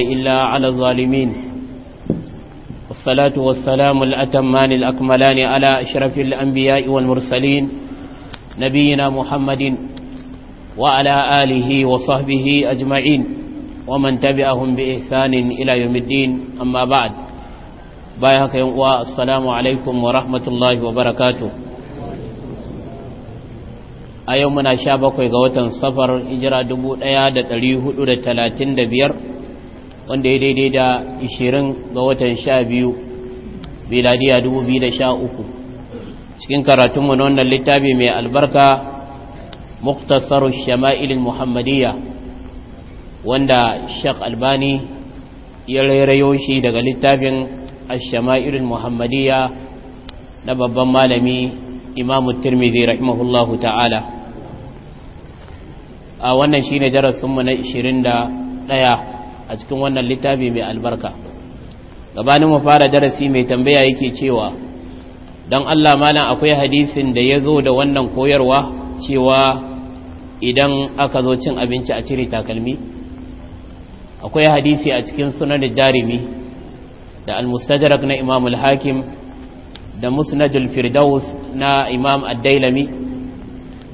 إلا على الظالمين والصلاة والسلام الأتمان الأكملان على أشرف الأنبياء والمرسلين نبينا محمد وعلى آله وصحبه أجمعين ومن تبعهم بإحسان إلى يوم الدين أما بعد بايهك يوم السلام عليكم ورحمة الله وبركاته a yau muna sha bakwai ga watan safar hijira biyar wanda ya daidai da 20 ga watan 12 biladiya 2013 cikin karatunmu na wannan littafi mai albarka muktasar shama'ilin muhammadiyya wanda shak albani ya rairayo shi daga littafin shama'ilin muhammadiyya na babban malami imamu tirmidhi rahimahullahu ta'ala a wannan shine darasinmu na 21 a cikin wannan littafi mai albarka gabanin mu fara darasi mai tambaya yake cewa don Allah malam akwai hadisin da ya zo da wannan koyarwa cewa idan aka zo cin abinci a cire takalmi akwai hadisi a cikin sunan jarimi da al-mustadrak na imam al-hakim da musnadul firdaus na imam ad da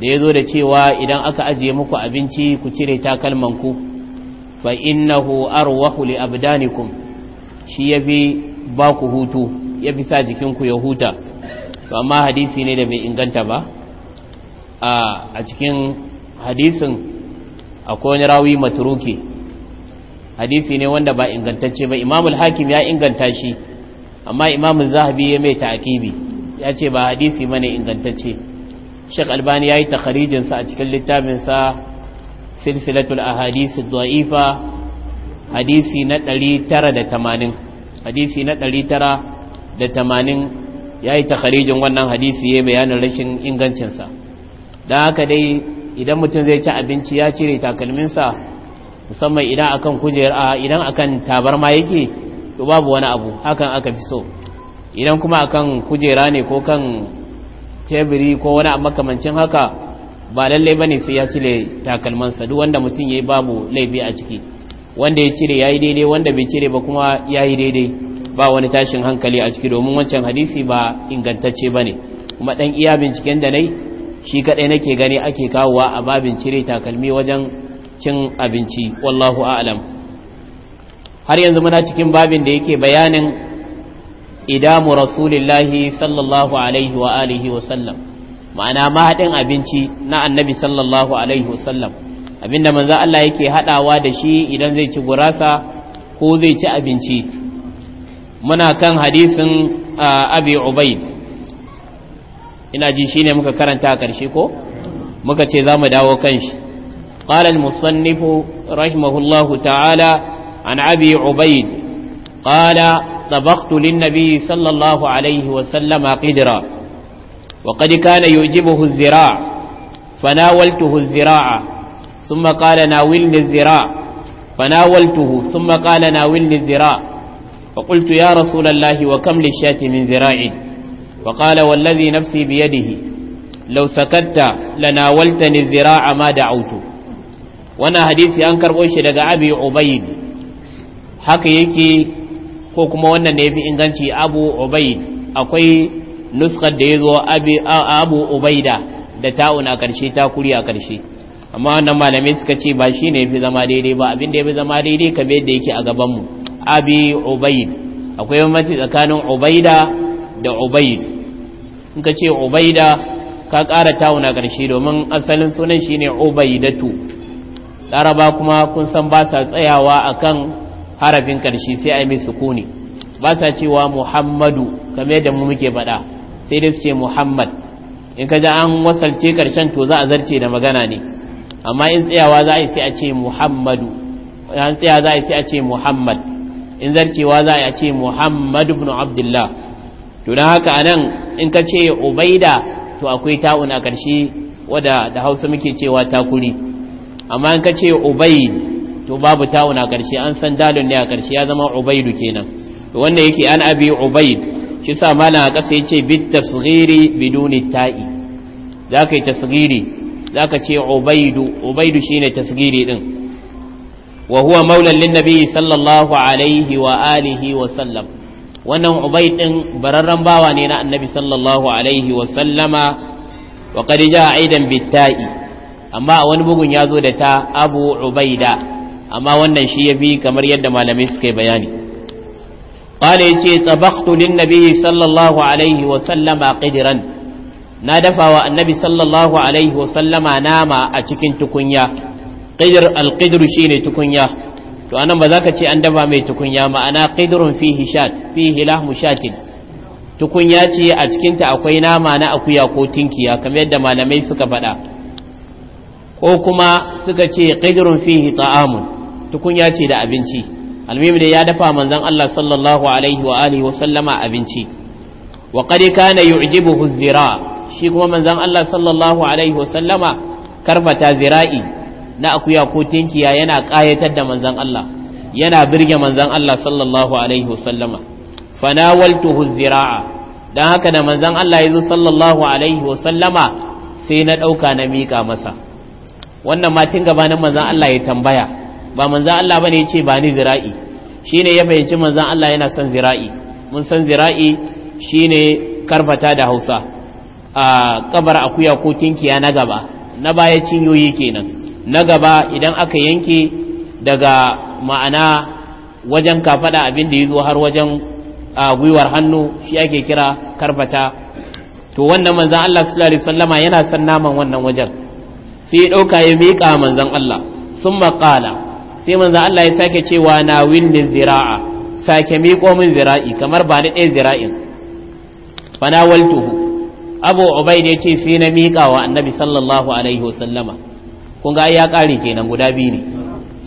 ya zo da cewa idan aka ajiye muku abinci ku cire takalman ku. fa innahu arwahu li abdanikum shi yafi ba ku hutu yafi sa jikinku ya huta to amma hadisi ne da bai inganta ba a cikin hadisin akwai wani rawi matruki hadisi ne wanda ba ingantacce ba imamul hakim ya inganta shi amma imamul zahabi ya mai ta'akibi ya ce ba hadisi mana ingantacce shek albani ya yi takarijinsa a cikin littafinsa silsilatul ahadisi dha'ifa hadisi na 980 hadisi na da 980 yayi takharijin wannan hadisi ya bayanin rashin ingancin sa dan haka dai idan mutum zai ci abinci ya cire takalminsa musamman idan akan a idan akan tabarma yake to babu wani abu hakan aka fi so idan kuma akan kujera ne ko kan tebiri ko wani makamancin haka ba lalle bane sai ya cire takalmansa duk wanda mutum yayi babu laifi a ciki wanda ya cire yayi daidai wanda bai cire ba kuma yayi daidai ba wani tashin hankali a ciki domin wancan hadisi ba ingantacce bane kuma dan iya binciken da nayi shi kadai nake gani ake kawowa a babin cire takalmi wajen cin abinci wallahu a'lam har yanzu muna cikin babin da yake bayanin idamu rasulillahi sallallahu alaihi wa alihi wa sallam ma'ana mahaɗin abinci na annabi sallallahu alaihi wasallam abinda manzo Allah yake haɗawa da shi idan zai ci gurasa ko zai ci abinci muna kan hadisin abi ubaid ina ji shine muka karanta a ƙarshe ko muka ce za mu dawo kan shi قال المصنف رحمه الله تعالى عن أبي عبيد قال طبخت للنبي صلى الله عليه وسلم وقد كان يعجبه الزراع فناولته الزراع ثم قال ناولني الزراع فناولته ثم قال ناولني الزراع فقلت يا رسول الله وكم للشاة من زراع فقال والذي نفسي بيده لو سكت لناولتني الزراع ما دعوته وانا حديثي أنكر بوشي لقى أبي عبيد حقيقي ko kuma wannan ne bi inganci abu ubaid akwai nuskar da ya zo abu ubaida da ta'un a ƙarshe ta kuri a karshe amma wannan malamai suka ce ba shi ne fi zama daidai ba abin da ya fi zama daidai kamar yadda yake a gabanmu abi ubaid akwai bambanci tsakanin ubaida da ubaid in ka ce ubaida ka ƙara ta'un a ƙarshe domin asalin sunan shi ne ubaidatu laraba kuma kun san ba sa tsayawa akan harafin karshe sai a yi mai sukuni ba sa cewa muhammadu kamar yadda mu muke faɗa sai dai su ce muhammad in ka ji an wasalce karshen to za a zarce da magana ne amma in tsayawa za a yi sai a ce muhammadu in tsaya za a yi sai a ce muhammad in zarcewa za a ce muhammadu ibn abdullah to don haka anan in ka ce ubaida to akwai ta'un a ƙarshe wadda da hausa muke cewa takuri amma in ka ce ubaid to babu ta'un a karshe an san dalon ne a karshe ya zama ubaidu kenan wanda yake an abi ubaid shi sa malam a ƙasa ya ce bit tasghiri biduni ta'i za ka yi za ka ce ubaidu ubaidu shi ne ɗin wa huwa maulan lin nabi sallallahu alaihi wa alihi wa sallam wannan ubaid ɗin bararren bawa ne na annabi sallallahu alaihi wa sallama wa qad jaa aidan bit ta'i amma a wani bugun ya zo da ta abu ubaida amma wannan shi ya bi kamar yadda malamai suka yi bayani قال يتي طبخت للنبي sallallahu الله wa sallama قدرا na dafa wa annabi sallallahu alaihi sallama nama a cikin tukunya qidr al-qidr shine tukunya to anan ba ka ce an dafa mai tukunya ma'ana qidrun fihi shat fihi lahmu shatin tukunya ce a cikin ta akwai nama na akuya ko tinkiya kamar yadda malamai suka faɗa ko kuma suka ce qidrun fihi ta'amun tukunya ce da abinci almimi da ya dafa manzon Allah sallallahu alaihi wa alihi wa sallama abinci wa qad kana yu'jibuhu zira shi kuma manzon Allah sallallahu alaihi wa sallama karbata zira'i na akuya ko tinkiya yana kayatar da manzon Allah yana birge manzon Allah sallallahu alaihi wa sallama fanawaltuhu zira'a dan haka da manzon Allah yazo sallallahu alaihi wa sallama sai na dauka na mika masa wannan ma tun gabanin manzon Allah ya tambaya ba manzan Allah bane yace ba ni zira'i shine ya fahimci manzan Allah yana son zira'i mun san zira'i shine karfata da Hausa a kabar akuya ko tinkiya na gaba na baya cinyoyi kenan na gaba idan aka yanke daga ma'ana wajen kafada abin da zo har wajen gwiwar hannu shi ake kira karfata to wannan manzan Allah sallallahu alaihi wasallama yana son naman wannan wajen sai ya dauka ya miƙa manzan Allah sun maƙala sai manzo Allah ya sake cewa na windin zira'a sake miƙo min zira'i kamar ba ni ɗaya zira'in fana waltuhu abu ubaid ya ce sai na miƙa wa annabi sallallahu alaihi wasallama kun ga ya ƙare kenan guda biyu ne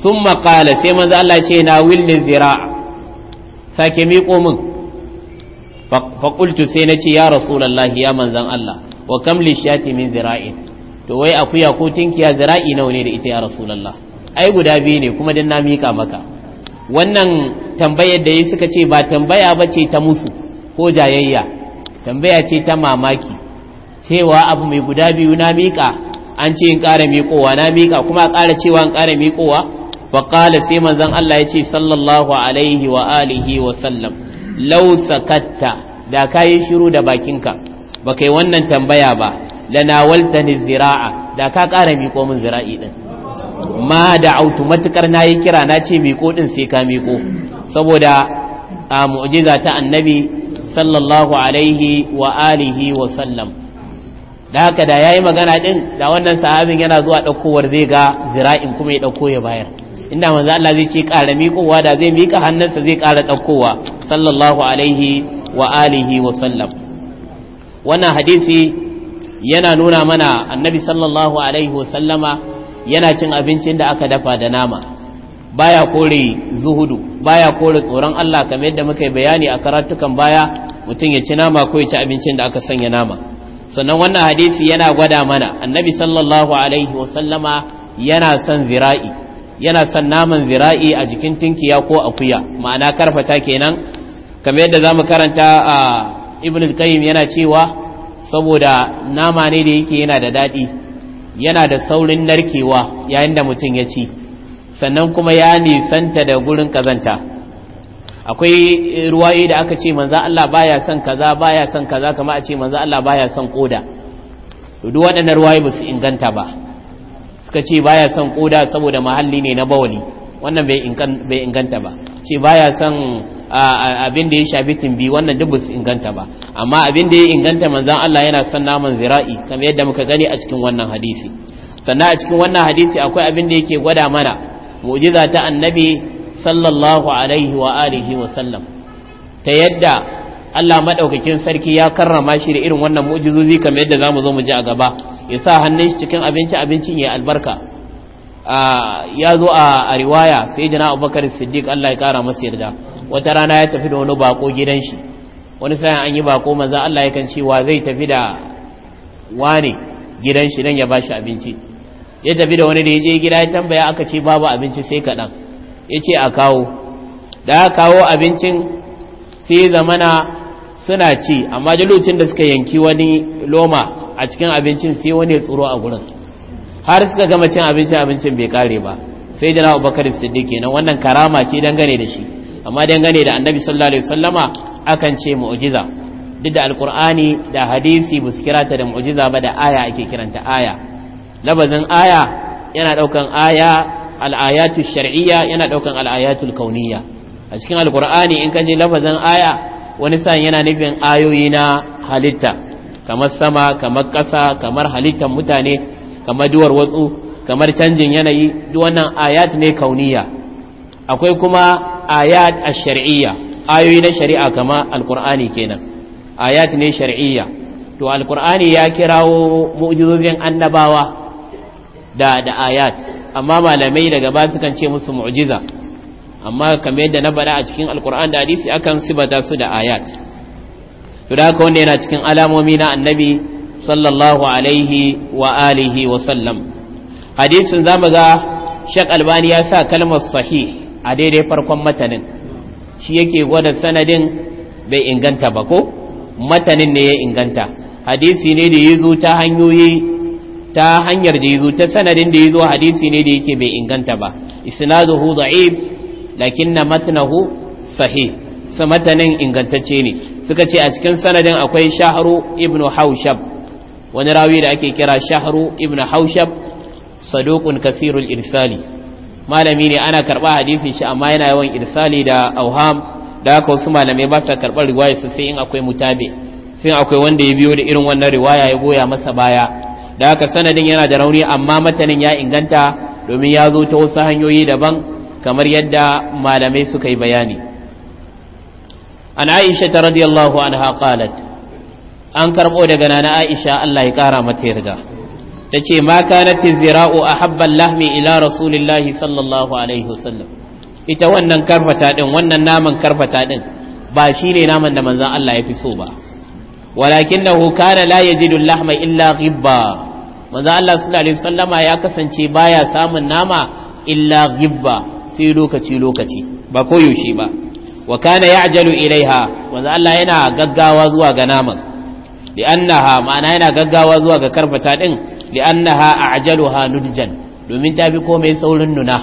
sun maƙala sai manzo Allah ce na windin zira'a sake miƙo min faƙultu sai na ce ya rasulallahi ya manzan Allah wa kam lishati min zira'in to wai akuya ko tinkiya zira'i nawa ne da ita ya rasulullah ai guda biyu ne kuma dan na mika maka wannan tambayar da yi suka ce ba tambaya ba ce ta musu ko jayayya tambaya ce ta mamaki cewa abu mai guda biyu na mika an ce in ƙara mikowa na mika kuma a ƙara cewa in ƙara mikowa? wa qala sai manzon Allah ya ce sallallahu alaihi wa alihi wa sallam law sakatta da yi shiru da bakinka ba kai wannan tambaya ba lanawaltani zira'a da ka ƙara miko min zira'i din ma da autu matukar na yi kira na ce miko din sai ka miko saboda a mu'jiza ta annabi sallallahu alaihi wa alihi wa sallam da haka da ya yi magana ɗin da wannan sahabin yana zuwa ɗaukowar zai ga zira'in kuma ya ɗauko ya bayar inda manzo Allah zai ce ƙara miƙowa da zai miƙa hannunsa zai ƙara ɗaukowa sallallahu alaihi wa alihi wa sallam wannan hadisi yana nuna mana annabi sallallahu alaihi wa sallama yana cin abincin da aka dafa da nama baya kore zuhudu baya kore tsoron Allah kamar yadda muka yi bayani a karatukan baya mutum ya ci nama ko ya ci abincin da aka sanya nama sannan wannan hadisi yana gwada mana annabi sallallahu alaihi wasallama yana son zira'i yana son naman zira'i a jikin tinkiya ko akuya ma'ana karfata kenan kamar yadda zamu karanta a ibn al-qayyim yana cewa saboda nama ne da yake yana da dadi yana da saurin narkewa yayin da mutum ya ci sannan kuma ya nisanta da gurin kazanta akwai ruwaye da aka ce manzo Allah baya son kaza baya son kaza kama a ce manzo Allah baya son koda duk waɗannan ruwaye ba su inganta ba suka ce baya son koda saboda mahalli ne na bawali wannan bai inganta ba ce baya son abin da ya shafi tumbi wannan duk su inganta ba amma abin da ya inganta manzon Allah yana son naman zira'i kamar yadda muka gani a cikin wannan hadisi sannan a cikin wannan hadisi akwai abin da yake gwada mana mu'jiza ta annabi sallallahu alaihi wa alihi wa sallam ta yadda Allah madaukakin sarki ya karrama shi da irin wannan mu'jizozi kamar yadda zamu zo mu ji a gaba ya sa hannun shi cikin abinci abincin ya albarka ya zo a riwaya sai jana abubakar siddiq allah ya kara masu yarda wata rana ya tafi da wani bako gidan shi wani sayan an yi bako manzan Allah ya yakan cewa zai tafi da wani gidan shi dan ya ba shi abinci ya tafi da wani da ya je gida ya tambaya aka ce babu abinci sai kaɗan ya ce a kawo da ya kawo abincin sai zamana suna ci amma lokacin da suka yanki wani loma a cikin abincin sai wani ya tsoro a gurin har suka gama cin abincin abincin bai kare ba sai jana abubakar siddiq kenan wannan karama ce dangane da shi amma dangane da annabi sallallahu alaihi wasallama akan ce mu'jiza duk da alkur'ani da hadisi ba kirata da mu'jiza ba da aya ake kiranta aya labazin aya yana daukan aya al'ayatu shar'iyya yana daukan al'ayatu kauniyya a cikin alkur'ani in kaje labazin aya wani san yana nufin ayoyi na halitta kamar sama kamar ƙasa kamar halittar mutane kamar duwar watsu kamar canjin yanayi duk wannan ayat ne kauniyya akwai kuma ayat ash-shar'iyya ayoyi na shari'a kama alqur'ani kenan ayat ne shar'iyya to alqur'ani ya kirawo mu'jizozin annabawa da da ayat amma malamai daga ba sukan ce musu mu'jiza amma kamar yadda na bada a cikin alqur'ani da hadisi akan sibata su da ayat to da haka wanda yana cikin alamomi na annabi sallallahu alaihi wa alihi wa sallam hadisin zamu ga Sheikh Albani ya sa kalmar sahih a daidai farkon matanin shi yake gwada sanadin bai inganta ba ko matanin ne ya inganta hadisi ne da ya zo ta hanyoyi ta hanyar da ya zo ta sanadin da ya zo hadisi ne da yake bai inganta ba isnaduhu da'ib lakinna matnahu sahih sa matanin ingantacce ne suka ce a cikin sanadin akwai shahru ibnu haushab wani rawi da ake kira shahru ibnu haushab saduqun kasirul irsali malami ne ana karɓa hadisin shi amma yana yawan irsali da auham da haka wasu malamai ba sa karɓar riwaya su sai in akwai mutabe sai akwai wanda ya biyo da irin wannan riwaya ya goya masa baya da haka sanadin yana da rauni amma matanin ya inganta domin ya zo ta wasu hanyoyi daban kamar yadda malamai suka yi bayani an aisha ta radiyallahu anha qalat an karɓo daga nana aisha Allah ya ƙara mata yarda ta ce ma kanatin zira'u a habban lahmi ila rasulillahi sallallahu alaihi wasallam ita wannan karfata din wannan naman karfata din ba shi ne naman da manzan Allah ya fi so ba walakin da kana la yajidu lahma illa ghibba manzan Allah sallallahu alaihi wasallama ya kasance baya samun nama illa ghibba sai lokaci lokaci ba koyaushe ba wa kana ya'jalu ilaiha manzan Allah yana gaggawa zuwa ga naman li'annaha ma'ana yana gaggawa zuwa ga karfata din li'annaha a'jaluha nudjan domin ta fi komai saurin nuna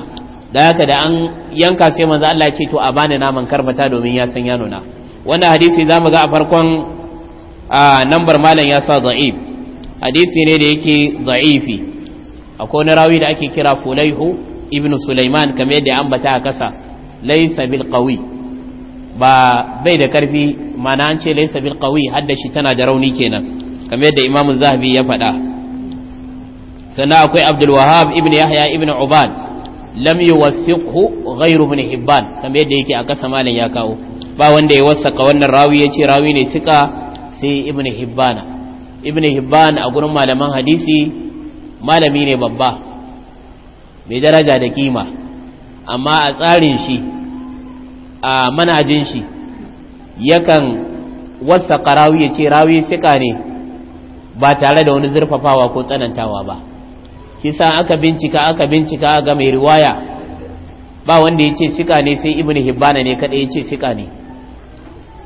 da haka da an yanka sai manzo Allah ya ce to a bani naman karbata domin ya san ya nuna wannan hadisi zamu ga a farkon a number malam ya sa da'if hadisi ne da yake da'ifi akwai wani rawi da ake kira fulaihu ibnu sulaiman kamar yadda ambata a kasa laysa bil qawi ba bai da karfi mana an ce laysa bil qawi hadda shi tana da rauni kenan kamar yadda imamu zahabi ya faɗa sannan akwai abdulwahab wahab ibn yahya ibn ubad lam yuwathiqhu ghayru ibn hibban kamar yadda yake a kasa malam ya kawo ba wanda ya wasaka wannan rawi yace rawi ne cika sai ibn hibban ibn hibban a gurin malaman hadisi malami ne babba mai daraja da kima amma a tsarin shi a manajin shi yakan wasaka rawi yace rawi cika ne ba tare da wani zurfafawa ko tsanantawa ba kisa aka bincika aka bincika ga mai riwaya ba wanda ya ce sika ne sai ibn hibbana ne kada ya ce sika ne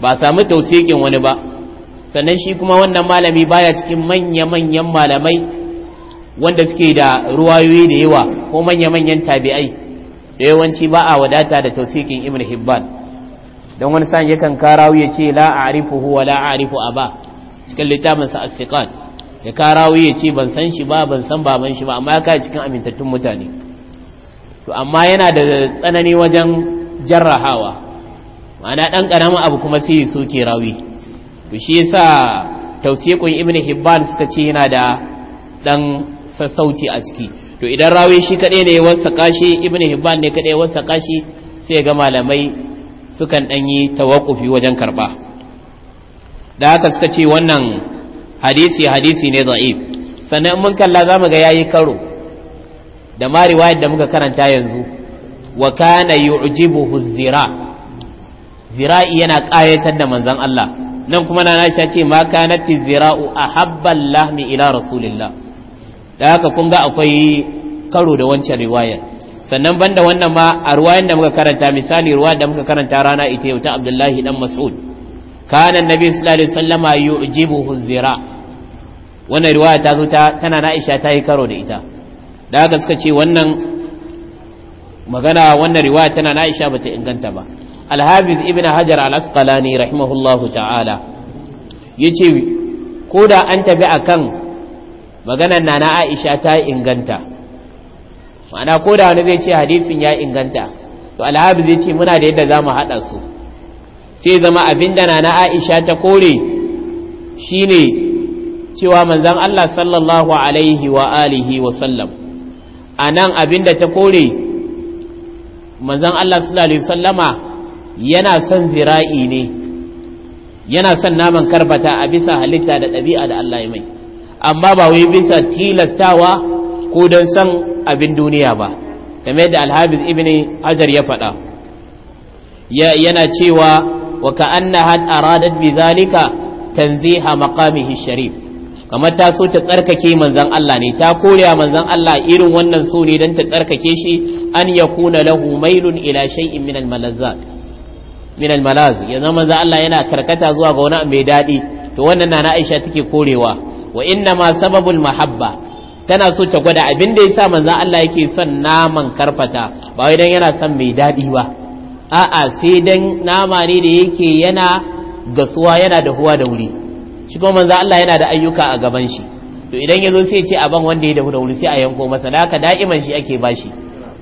ba samu tausikin wani ba sannan shi kuma wannan malami baya cikin manya-manyan malamai wanda suke da ruwayoyi da yawa ko manya-manyan tabi'ai da yawanci ba a wadata da tausikin ibn hibban don wani sa'an yakan karawu ya ce la arifu wa la a'rifu ba cikin littafin sa'asikan ya karawo ya ce ban san shi ba ban san baban shi ba amma ya kai cikin amintattun mutane to amma yana da tsanani wajen jarrahawa mana dan karamin abu kuma sai su ke rawi to shi yasa tawsiqun ibn hibban suka ce yana da dan sassauci a ciki to idan rawi shi kadai ne wasa kashi ibn hibban ne kadai wasa kashi sai ga malamai sukan dan yi tawakkufi wajen karba da haka suka ce wannan hadisi hadisi ne da'if sannan mun kalla zamu ga yayi karo da ma riwayar da muka karanta yanzu wa kana yu'jibuhu zira zira yana ƙayatar da manzon Allah nan kuma na nasha ce ma kanati zira'u ahabbal lahmi ila rasulillah da haka kun ga akwai karo da wancan riwaya sannan banda wannan ma a ruwayan da muka karanta misali ruwa da muka karanta rana ita yau ta Abdullahi dan Mas'ud kana annabi sallallahu alaihi wasallama yu'jibuhu zira wannan riwaya ta zo tana na aisha ta yi karo da ita da haka suka ce wannan magana wannan riwaya tana na aisha bata inganta ba alhabiz ibn hajar al-asqalani rahimahullahu ta'ala yace ko da an tafi akan maganar nana aisha ta inganta ma'ana ko da wani zai ce hadisin ya inganta to alhabiz yace ce muna da yadda zamu mu haɗa su sai zama abinda nana aisha ta kore shine cewa manzan Allah sallallahu alaihi wa alihi wa sallam a nan abinda ta kore manzan Allah sallallahu alaihi sallama yana son zira'i ne yana son naman karbata a bisa halitta da ɗabi'a da Allah mai amma ba wai bisa tilastawa ko don son abin duniya ba game da alhabis ibn hajar ya faɗa yana cewa wa ka'annaha aradat bizalika zalika ha makamihi sharif kamar ta so ta tsarkake manzan Allah ne ta korewa manzan Allah irin wannan so ne don ta tsarkake shi an kuna lahu mailun ila shay'in min al min al yanzu Allah yana karkata zuwa ga wani mai dadi to wannan na na Aisha take korewa wa inna ma sababul mahabba tana so ta gwada abin da yasa manzan Allah yake son naman karfata ba wai dan yana son mai dadi ba a'a sai dan nama ne da yake yana gasuwa yana da huwa da wuri shi kuma manzo Allah yana da ayyuka a gaban shi to idan yazo sai ce ban wanda ya dafu da wuri sai a yanko masa da haka da'iman shi ake bashi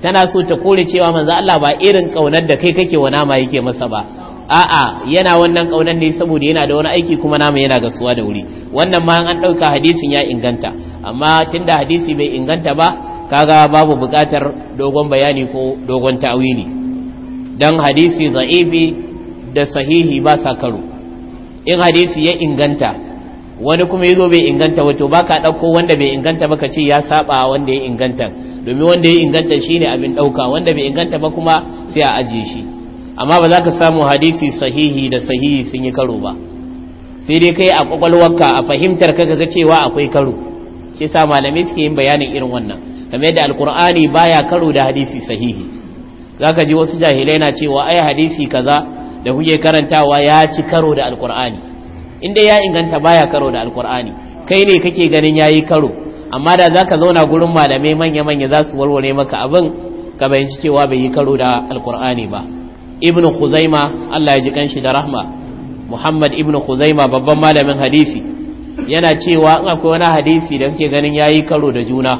tana so ta kore cewa manzo Allah ba irin kaunar da kai kake wa nama yake masa ba a'a yana wannan kaunar ne saboda yana da wani aiki kuma nama yana gasuwa da wuri wannan ma an dauka hadisin ya inganta amma tunda hadisi bai inganta ba kaga babu bukatar dogon bayani ko dogon ta'wili dan hadisi za'ibi da sahihi ba sa karo in hadisi ya inganta wani kuma zo bai inganta wato baka ɗauko wanda bai inganta ba ka ce ya saba wanda ya inganta domin wanda ya inganta shine abin ɗauka wanda bai inganta ba kuma sai a ajiye shi amma ba za ka samu hadisi sahihi da sahihi sun yi karo ba sai dai kai a ƙwaƙwalwarka a fahimtar ka ga cewa akwai karo shi sa malamai suke yin bayanin irin wannan kamar yadda alkur'ani baya karo da hadisi sahihi zaka ji wasu jahilai na cewa ai hadisi kaza da kuke karantawa ya ci karo da alkur'ani inda ya inganta baya karo da alkur'ani kai ne kake ganin yayi karo amma da zaka zauna gurin malamai manya manya za su warware maka abin ka bayanci cewa bai yi karo da alkur'ani ba ibn khuzaima Allah ya ji kanshi da rahma muhammad ibn khuzaima babban malamin hadisi yana cewa in akwai wani hadisi da kake ganin yayi karo da juna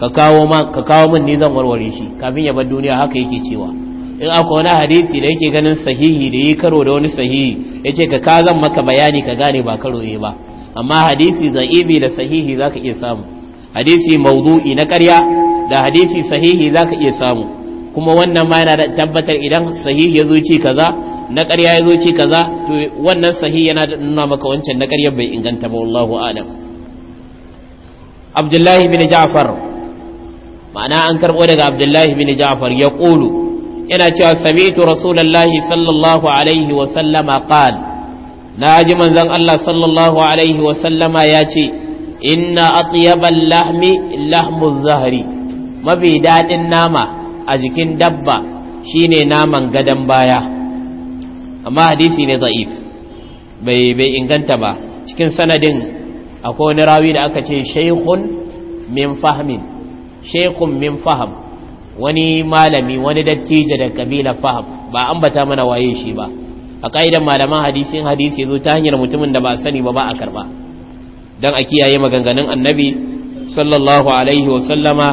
ka kawo min ni zan warware shi kafin ya bar duniya haka yake cewa in akwai wani hadisi da yake ganin sahihi da yi karo da wani sahihi ya ce ka kazan maka bayani ka gane ba karo yi ba amma hadisi za'ibi da sahihi za ka iya samu hadisi maudu'i na karya da hadisi sahihi za ka iya samu kuma wannan ma yana da tabbatar idan sahihi ya zo ci kaza na karya ya zo ci kaza to wannan sahihi yana da nuna maka wancan na karyar bai inganta ba wallahu a'lam abdullahi bin ja'far ma'ana an karbo daga abdullahi bin ja'far ya qulu yana cewa sami'tu rasulullahi sallallahu alaihi wa sallama qal na ji manzon Allah sallallahu alaihi wa sallama ya ce inna atyabal lahmi lahmu zahri mafi dadin nama a jikin dabba shine naman gadan baya amma hadisi ne da'if bai bai inganta ba cikin sanadin akwai wani rawi da aka ce shaykhun min fahmin shaykhun min fahmin wani malami wani dattijo da kabila fahab ba ambata mana waye shi ba a ka'idan malaman hadisi in hadisi ya zo ta hanyar mutumin da ba sani ba ba a karba don a kiyaye maganganun annabi sallallahu alaihi wasallama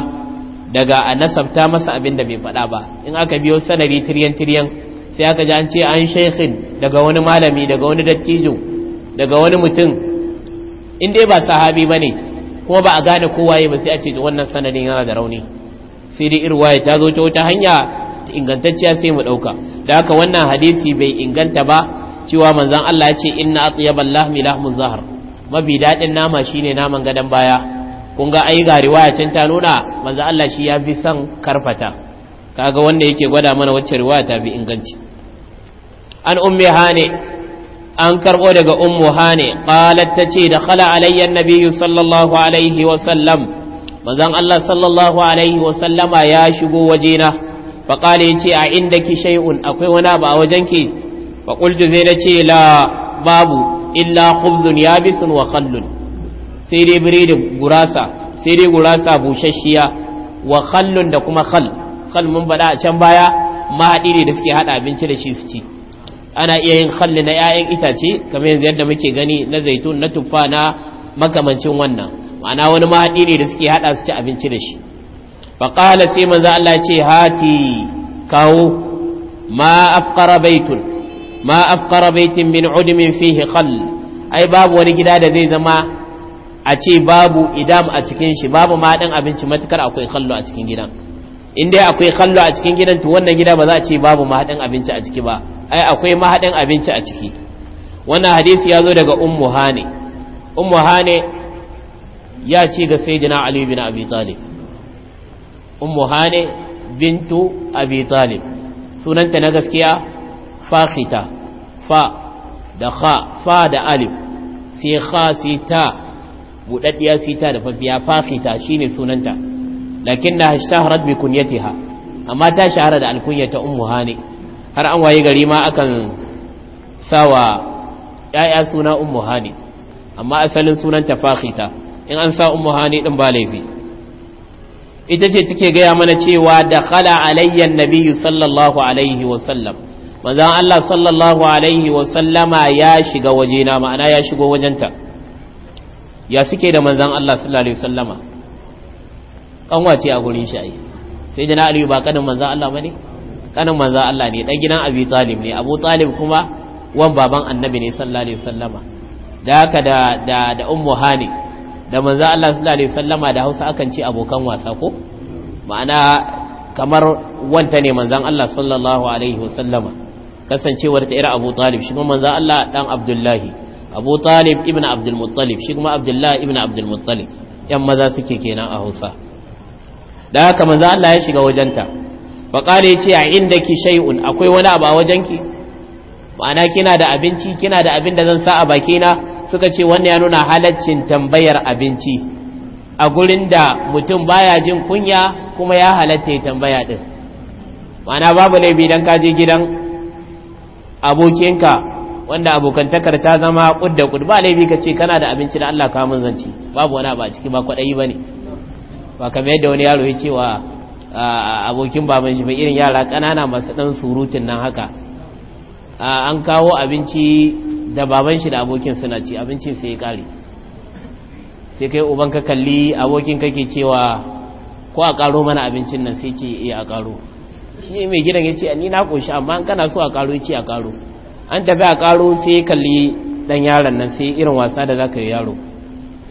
daga a nasabta masa abin da bai faɗa ba in aka biyo sanari tiryan tiryan sai aka ji an ce an shaikhin daga wani malami daga wani dattijo daga wani mutum in dai ba sahabi ba ne kuma ba a gane kowaye ba sai a ce wannan sanadin yana da rauni sai dai ta zo ta wata hanya ta ingantacciya sai mu dauka da haka wannan hadisi bai inganta ba cewa manzon Allah ya ce inna atyabal lahmi lahmuz zahar mabi dadin nama shine naman gadan baya kun ga ai ga riwaya can ta nuna manzon Allah shi ya fi son karfata kaga wanda yake gwada mana wacce riwaya ta bi inganci an ummi hane an karbo daga ummu hane qalat tace da khala Alayyan Nabiyyu sallallahu alaihi wa sallam manzan Allah sallallahu alaihi wa ya shigo wajena fa qala yace a inda ki shai'un akwai wani abu a wajenki fa zai na ce la babu illa khubzun sun wa khallun sai dai biredin gurasa sai dai gurasa bushashiya wa khallun da kuma khal khal mun bada a can baya mahaɗi ne da suke haɗa abinci da shi su ci ana iya yin khalli na 'ya'yan itace kamar yanzu yadda muke gani na zaitun na tuffa na makamancin wannan ma'ana wani mahaɗi ne da suke haɗa su ci abinci da shi ƙala sai manzo Allah ce hati kawo ma afqara baitun ma afqara baitun min udumin fihi khal ai babu wani gida da zai zama a ce babu idam a cikin shi babu ma dan abinci matukar akwai khallo a cikin gidan in dai akwai khallo a cikin gidan to wannan gida ba za a ce babu ma dan abinci a ciki ba ai akwai ma dan abinci a ciki wannan hadisi ya zo daga ummu hane ummu hane ya ce ga sayyidina ali bin abi talib ummu hane bintu abi talib sunanta na gaskiya fakhita fa da kha fa da alif sai kha sai ta budaddiya si ta da fafiya fakhita shine sunanta lakinna ishtaharat bi kunyatiha amma ta shahara da alkunyata ummu hane har an waye gari ma akan sawa yaya suna ummu hane amma asalin sunanta fakhita in an sa umu hani din ba laifi ita ce take gaya mana cewa da khala alayya nabiyyu sallallahu alaihi wa sallam manzan Allah sallallahu alaihi wa sallama ya shiga wajena ma'ana ya shigo wajenta ya suke da manzan Allah sallallahu alaihi wa sallama kanwa ce a gurin shi ai sai jana aliyu ba kanin manzon Allah bane kanin manzon Allah ne dan gidan Abi Talib ne Abu Talib kuma wan baban annabi ne sallallahu alaihi wa sallama da haka da da ummu hanin da manzo Allah sallallahu alaihi wasallama da Hausa akan ce abokan wasa ko ma'ana kamar wanta ne manzon Allah sallallahu alaihi wasallama kasancewar ta ira Abu Talib shi kuma manzo Allah dan Abdullahi Abu Talib ibn Abdul Muttalib shi kuma Abdullahi ibn Abdul Muttalib yan maza suke kenan a Hausa da haka manzo Allah ya shiga wajenta fa qala yace a ki shay'un akwai wani abu a wajenki ma'ana kina da abinci kina da abin da zan sa a bakina suka ce wannan ya nuna halaccin tambayar abinci a gurin da mutum baya jin kunya kuma ya halatta ya tambaya din mana babu laifi dan kaje gidan abokinka wanda abokantakar ta zama kudda kud ba laifi ka ce kana da abinci da Allah kamun zanci babu wani ba ciki ba kwadayi bane ba kamar yadda wani yaro ya ce wa abokin baban shi ba irin yara kanana masu ɗan surutun nan haka an kawo abinci da baban shi da abokin suna ci abincin sai ya kare sai kai uban ka kalli abokin kake cewa ko a karo mana abincin nan sai ce iya eh, a karo shi mai gidan ya ce ni na koshi amma an kana so a karo ce a karo an tafi a karo sai ya kalli dan yaron nan sai irin wasa da zaka yi yaro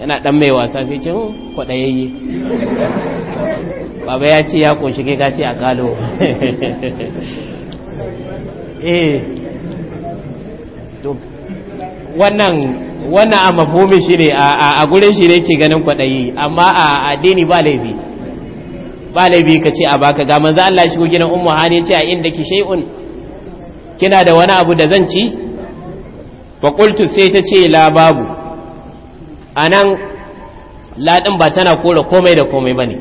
yana dan mai wasa sai ce hmm, kwadayayye baba ya ce ya koshi kai ka ce a kalo eh to wannan wannan a mafumi shi ne a gurin shi ne ke ganin kwaɗayi amma a addini ba laifi ba laifi ka ce a baka ga manzan Allah shi gidan ummu ya ce a inda ki shai'un kina da wani abu da zan ci bakultu sai ta ce la babu anan nan laɗin ba tana kora komai da komai ba ne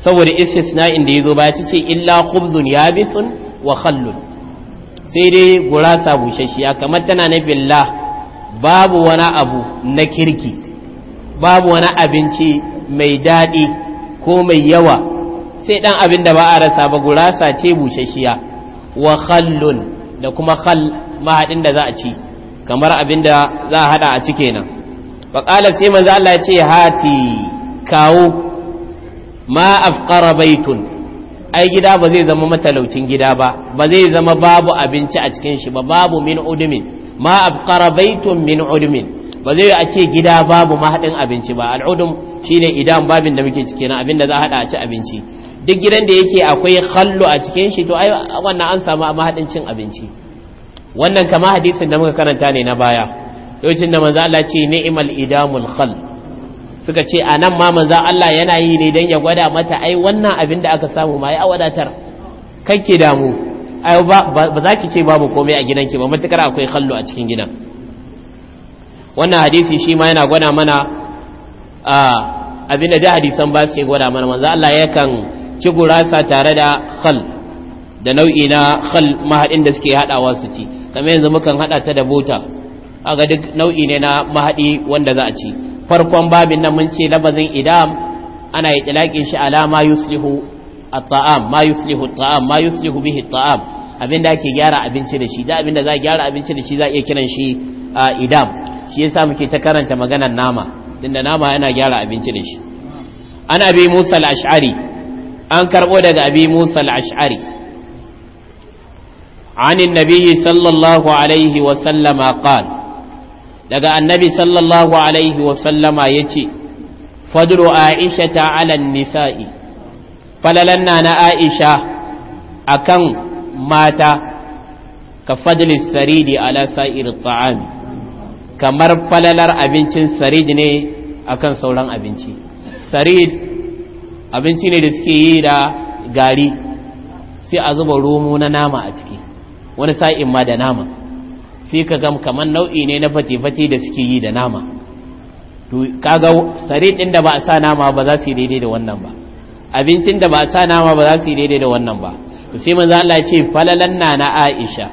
saboda na inda ya zo ba ta ce illa khubzun yabisun wa khallun sai dai gurasa bushashiya kamar tana na billa babu wani abu na kirki babu wani abinci mai daɗi ko mai yawa sai ɗan abin da ba a rasa ba gurasa ce bushashiya wa khallun da kuma khall mahaɗin da za a ci kamar abin da za a haɗa a ci kenan faƙalar sai manzo Allah ce hati kawo ma afqara baitun ai gida ba zai zama matalaucin gida ba ba zai zama babu abinci a cikin shi ba babu min udumin ma abqara baitun min udumin ba zai a ce gida babu mahadin abinci ba al'udum shine idan babin da muke ciki na abinda za a hada a ci abinci duk gidan da yake akwai khallu a cikin shi to ai wannan an samu mahadin cin abinci wannan kama hadisin da muka karanta ne na baya cin da manzo Allah ce ni'mal idamul khall suka ce a nan ma za Allah yana yi ne don ya gwada mata ai wannan abin da aka samu ma ya wadatar kake damu ai ba za ki ce babu komai a gidanki ba matukar akwai kallo a cikin gidan wannan hadisi shi ma yana gwada mana abin da da hadisan ba su ke gwada mana za Allah yakan ci gurasa tare da khal da nau'i na khal mahaɗin da suke haɗawa su ci kamar yanzu mukan haɗa ta da bota a ga duk nau'i ne na mahaɗi wanda za a ci farkon babin nan mun ce labazin idam ana yi tilakin shi ala ma yuslihu at-ta'am ma yuslihu taam ma yuslihu bihi taam abinda ake gyara abinci da shi da abinda za gyara abinci da shi za iya kiran shi idam shi yasa muke ta karanta maganar nama tunda nama yana gyara abinci da shi an abi musa al-ash'ari an karɓo daga abi musa al-ash'ari عن النبي صلى الله عليه وسلم قال daga annabi sallallahu alaihi wasallama ya ce fadru aisha ta'alan nisa'i falalan na na aisha akan mata ka fadlis saridi ala sa'ir ta'ami kamar falalar abincin sarid ne akan sauran abinci sarid abinci ne da suke yi da gari sai a zuba romo na nama a ciki wani sa'in ma da nama sai ka gam kamar nau'i ne na fati-fati da suke yi da nama to kaga sare din da ba a sa nama ba za su yi daidai da wannan ba abincin da ba a sa nama ba za su yi daidai da wannan ba to sai manzo Allah ya ce falalan na Aisha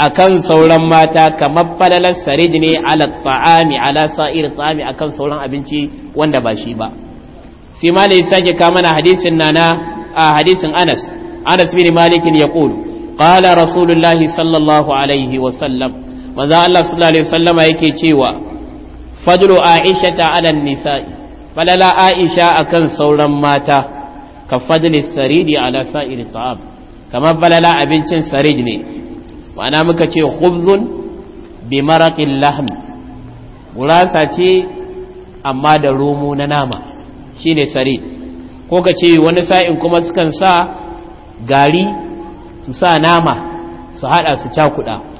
akan sauran mata kamar falalan sarid ne ala ta'ami ala sa'ir ta'ami akan sauran abinci wanda ba shi ba sai malai sake ka mana hadisin nana a hadisin Anas Anas bin Malik ya qulu qala rasulullahi sallallahu alaihi wa sallam Maza Allah sallallahu alaihi wasallama yake cewa fadlu aisha ta alan nisa'i falala aisha akan sauran mata ka fadli saridi ala sa'iri ta'am kamar falala abincin sarid ne ma'ana muka ce khubzun bi maraqil lahm gurasa ce amma da romo na nama shine sarid ko ka ce wani sa'in kuma sukan sa gari su sa nama su hada su cakuda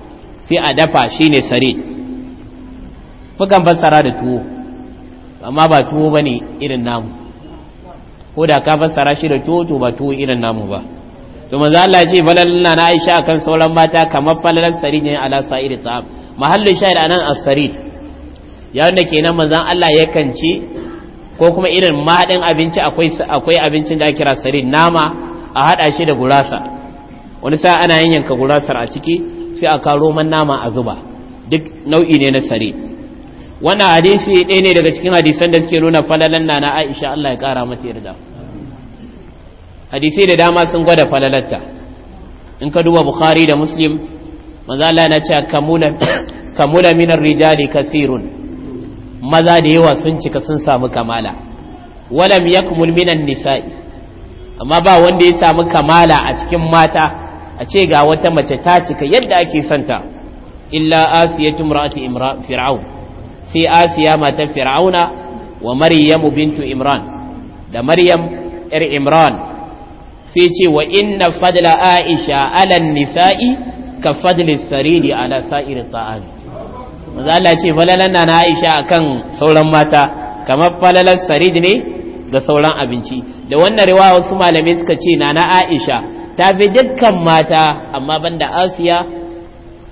sai a dafa shine sare fukan fassara da tuwo amma ba tuwo ne irin namu ko da ka fassara shi da tuwo to ba tuwo irin namu ba to maza Allah ya ce falalla na Aisha akan sauran mata kamar falalan sarin ne ala sa'iri ta'am mahallin shahid anan as-sarid ya wanda kenan manzon Allah yakan ci ko kuma irin mahadin abinci akwai akwai abincin da kira sarin nama a hada shi da gurasa wani sa ana yin yanka gurasar a ciki sai a roman nama a zuba duk nau'i ne na sare wannan hadisi ɗaya ne daga cikin hadisan da suke nuna falalan na na aisha Allah ya kara mata yarda hadisai da dama sun gwada falalarta in ka duba bukhari da muslim manzo Allah yana cewa kamula kamula minar rijali kasirun maza da yawa sun cika sun samu kamala walam yakmul minan nisa, amma ba wanda ya samu kamala a cikin mata a ce ga wata mace ta cika yadda ake santa illa asiyatu imra'ati imran fir'aun sai asiya matar fir'auna wa maryamu bintu imran da maryam yar imran sai ce wa inna fadla aisha ala nisa'i ka fadli sariri ala sa'ir ta'am maza Allah ce falalan na aisha akan sauran mata kamar falalan sarid ne ga sauran abinci da wannan riwaya wasu malamai suka ce Nana aisha ta fi dukkan mata amma banda asiya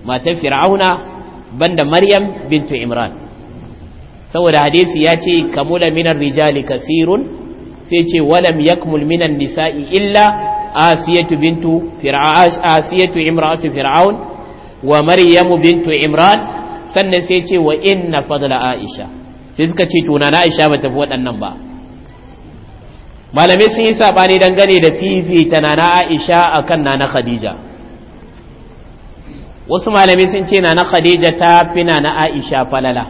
matan fir'auna banda maryam bintu imran saboda hadisi ya ce kamula minar rijali kasirun sai ce walam yakmul minan nisa'i illa asiyatu bintu asiyatu imra'atu fir'aun wa maryamu bintu imran sannan sai ce wa inna fadla aisha sai suka ce tunana aisha bata fi waɗannan ba malamai sun yi saɓani dangane da fifita na aisha akan nana khadija wasu malamai sun ce nana khadija ta fi nana aisha falala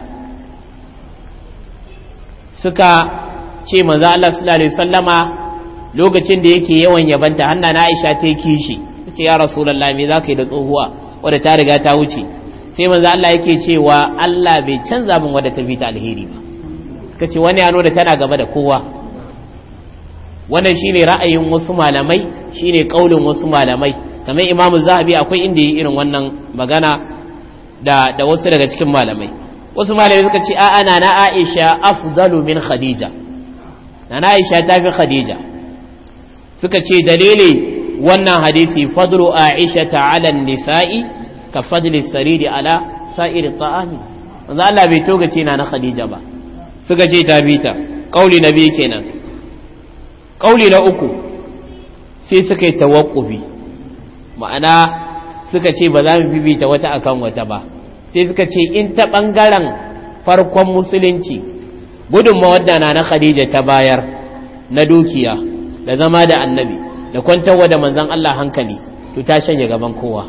suka ce maza Allah sallallahu alaihi sallama lokacin da yake yawan yabanta hanna na aisha ta yi kishi ce ya rasulullah me ka yi da tsohuwa wadda ta riga ta wuce sai manzo Allah yake cewa Allah bai canza min wadda ta fita alheri ba kace wani ya da tana gaba da kowa wannan shine ra'ayin wasu malamai shine kaulin wasu malamai kamar imamu zahabi akwai inda yi irin wannan magana da da wasu daga cikin malamai wasu malamai suka ce a ana na Aisha afdalu min Khadija na Aisha ta fi Khadija suka ce dalili wannan hadisi fadlu Aisha ta ala nisa'i ka fadli sariri ala sa'iri ta'ami manzo Allah bai toga ce na na Khadija ba suka ce ta bita kauli nabi kenan ƙauli na uku sai suka yi tawakkufi ma'ana suka ce ba za mu bibita wata akan wata ba sai suka ce in ta ɓangaren farkon musulunci gudun mawadda na khadija ta bayar na dukiya da zama da annabi da kwantarwa da manzan Allah hankali to ta shanye gaban kowa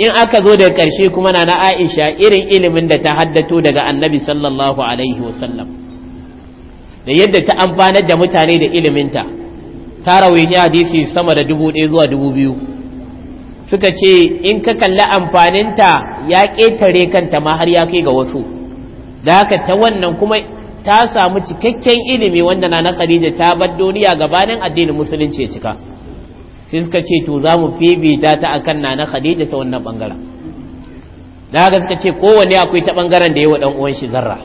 in aka zo daga ƙarshe kuma na na aisha irin ilimin da ta haddato daga annabi sallallahu alaihi wasallam da yadda ta amfanar da mutane da iliminta ta rawayi hadisi sama da dubu ɗaya zuwa dubu biyu suka ce in ka kalli amfaninta ya ƙetare kanta ma har ya kai ga wasu da haka ta wannan kuma ta samu cikakken ilimi wanda na Khadija ta bar duniya gabanin addinin musulunci ya cika sai suka ce to za mu fifita ta akan nana Khadija ta wannan bangaren da haka suka ce kowanne akwai ta bangaren da yawa dan uwan shi zarra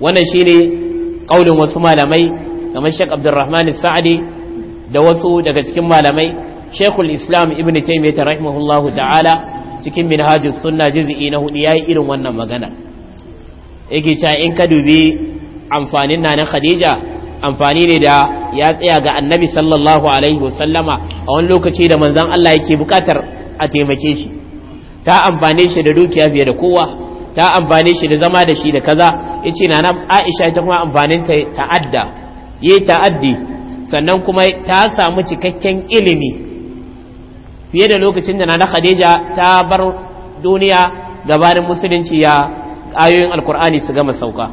wannan shine kaulin wasu malamai kamar Sheikh Abdulrahman Sa'adi da wasu daga cikin malamai Sheikhul Islam Ibn Taymiyyah rahimahullahu ta'ala cikin Minhajus Sunna juz'i na hudu yayi irin wannan magana yake cewa in ka dubi amfanin na Khadija amfani ne da ya tsaya ga Annabi sallallahu alaihi wasallama a wani lokaci da manzon Allah yake bukatar a taimake shi ta amfane shi da dukiya fiye da kowa ta amfane shi da zama da shi da kaza ya ce aisha ta kuma amfaninta ta'adda ya ta'addi sannan kuma ta samu cikakken ilimi fiye da lokacin da nana khadija ta bar duniya gabarin musulunci ya ayoyin alkur'ani su gama sauka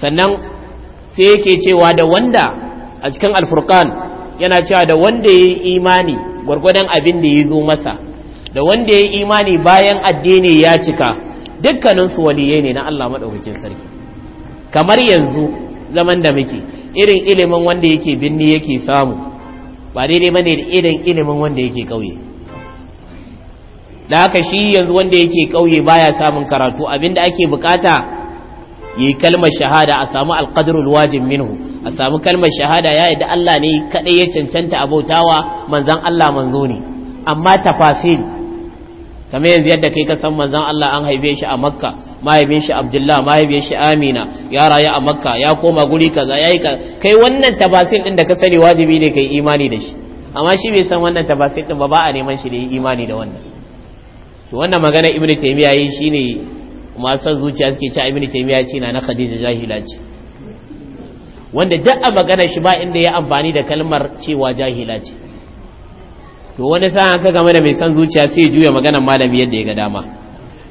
sannan sai yake cewa da wanda a cikin alfurkan yana cewa da wanda ya yi imani gwargwadon abin da ya zo masa da wanda ya yi imani bayan addini ya cika dukkaninsu waliyai ne na Allah maɗaukakin sarki kamar yanzu zaman da muke irin ilimin wanda yake binni yake samu ba daidai bane da irin ilimin wanda yake ƙauye da haka shi yanzu wanda yake kauye baya samun karatu abinda ake bukata yi kalmar shahada a samu alƙadarul wajin minhu a samu kalmar shahada ya yadda Allah ne kaɗai ya cancanta abautawa manzan Allah manzo ne amma tafasil kamar yanzu yadda kai ka san manzon Allah an haife shi a Makka mahaifin shi Abdullah mahaifin shi Amina ya rayu a Makka ya koma guri kaza yayi ka kai wannan tabasin din da ka sani wajibi ne kai imani da shi amma shi bai san wannan tabasin din ba ba a neman shi da imani da wannan to wannan magana Ibn Taymiyyah yi shine masu zuciya suke cewa Ibn Taymiyyah ce na Khadija jahila ce wanda duk a magana shi ba inda ya amfani da kalmar cewa jahila ce to wani sa'an ka game da mai san zuciya sai juya maganar malami yadda ya ga dama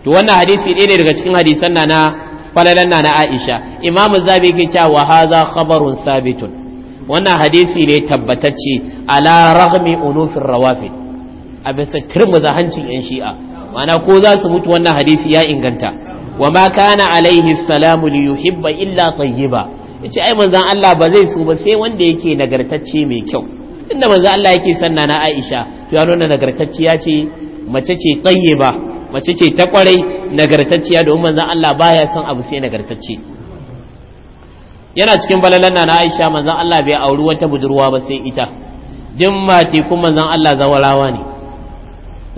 to wannan hadisi ɗaya ne daga cikin hadisan na na falalan na na Aisha Imam Zabi yake cewa hadha khabarun sabitun wannan hadisi ne tabbatacce ala raghmi unufir rawafid a bisa turmuza hancin yan shi'a mana ko za su mutu wannan hadisi ya inganta wa ma kana alaihi salamu li yuhibba illa tayyiba yace ai manzon Allah ba zai so ba sai wanda yake nagartacce mai kyau inda manzon Allah yake sanna na Aisha ya nuna nagartacciya ce mace ce tsaye ba mace ce ta kwarai nagartacciya domin manzon Allah baya son abu sai nagartacce yana cikin balalan na Aisha manzan Allah bai auri wata budurwa ba sai ita din mace kuma manzan Allah zawarawa ne